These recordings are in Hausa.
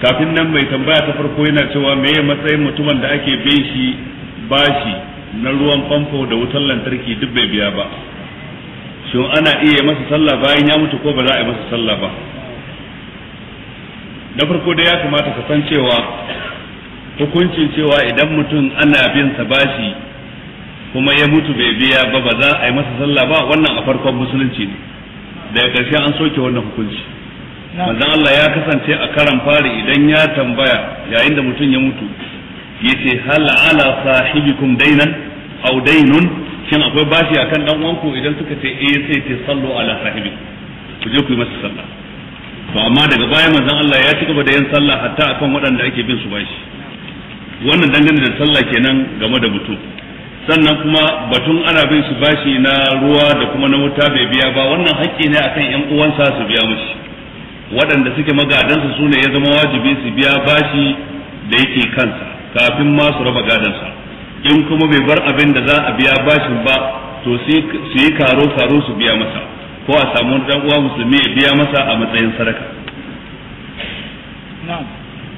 kafin nan mai tambaya ta farko yana cewa me ya matsayin mutumin da ake bin shi bashi na ruwan famfo da wutar lantarki duk bai biya ba shin ana iya masa sallah bayan ya mutu ko ba za a yi masa sallah ba da farko da ya kamata ka san cewa hukuncin cewa idan mutum ana bin sa bashi kuma ya mutu bai biya ba ba za a yi masa sallah ba wannan a farkon musulunci ne daga ƙarshe an soke wannan hukunci manzon Allah ya kasance a karan fari idan ya tambaya yayin da mutum ya mutu yace hal ala sahibikum dainan aw dainun shin akwai bashi akan dan uwanku idan suka ce eh sai ce sallu ala sahibi ku je ku yi masa sallah to amma daga baya manzon Allah ya ci gaba da yin sallah hatta akan waɗanda ake bin su bashi wannan dangane da sallah kenan game da mutum sannan kuma batun ana bin su bashi na ruwa da kuma na wuta bai biya ba wannan hakki ne akan yan uwansa su biya mishi waɗanda suke magadansa su ne ya zama wajibi su biya bashi da yake kansa kafin ma su raba gadansa in kuma bai bar abin da za a biya bashin ba to su yi karo karo su biya masa ko a samu dan uwa musulmi ya biya masa a matsayin sadaka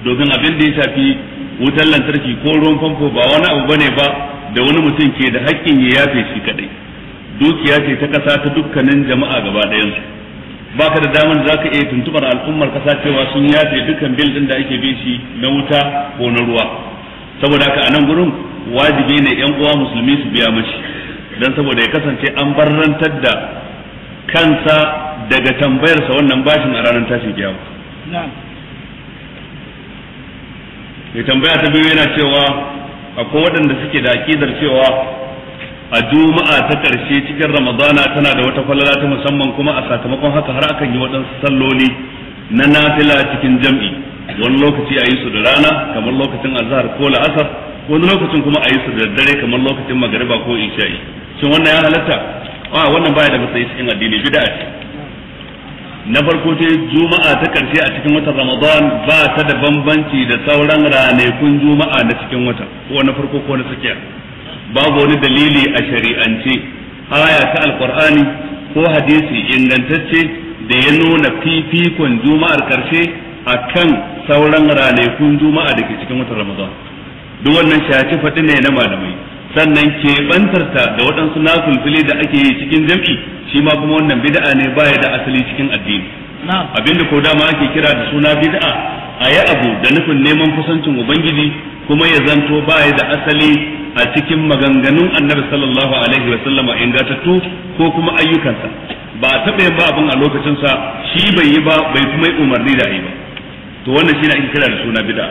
domin abin da ya shafi wutar lantarki ko ruwan famfo ba wani abu bane ba da wani mutum ke da haƙƙin ya yafe shi kadai dukiya ce ta ƙasa ta dukkanin jama'a gaba ɗayansu baka da daman za ka iya tuntubar al'ummar kasa cewa sun yafe dukkan bil din da ake bi shi na wuta ko na ruwa saboda haka a nan gurin wajibi ne yan uwa musulmi su biya mashi dan saboda ya kasance an barrantar da kansa daga tambayarsa wannan bashin a ranar tashin kiyama mai tambaya ta biyu yana cewa akwai waɗanda suke da akidar cewa a juma'a ta ƙarshe cikin ramadana tana da wata falala ta musamman kuma a sakamakon haka har akan yi waɗansu salloli na nafila cikin jam'i wani lokaci a yi su da rana kamar lokacin azhar ko la'asar wani lokacin kuma a yi su da dare kamar lokacin magariba ko isha'i shin wannan ya halatta a wannan baya da matsayi cikin addini bid'a ce na farko ce juma'a ta ƙarshe a cikin watan ramadan ba ta da bambanci da sauran ranakun juma'a na cikin wata ko na farko ko na tsakiya babu wani dalili a shari'ance aya ta alqur'ani ko hadisi ingantacce da ya nuna fifikon juma'ar karshe kan sauran ranakun juma'a da ke cikin watan ramadan duk wannan shaci faɗi ne na malamai sannan keɓantarta da waɗansu nafulfili da ake yi cikin jam'i shi ma kuma wannan bid'a ne baya da asali cikin addini abinda ko dama ake kira da suna bid'a a yi abu da nufin neman kusancin ubangiji kuma ya zanto baya da asali a cikin maganganun annabi sallallahu alaihi wa sallama ingatattu ko kuma ayyukansa ba a taɓa yin ba abin a lokacinsa shi bai yi ba bai kuma yi umarni da yi ba to wannan shi ne ake kira da suna bid'a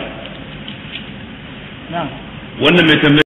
wannan mai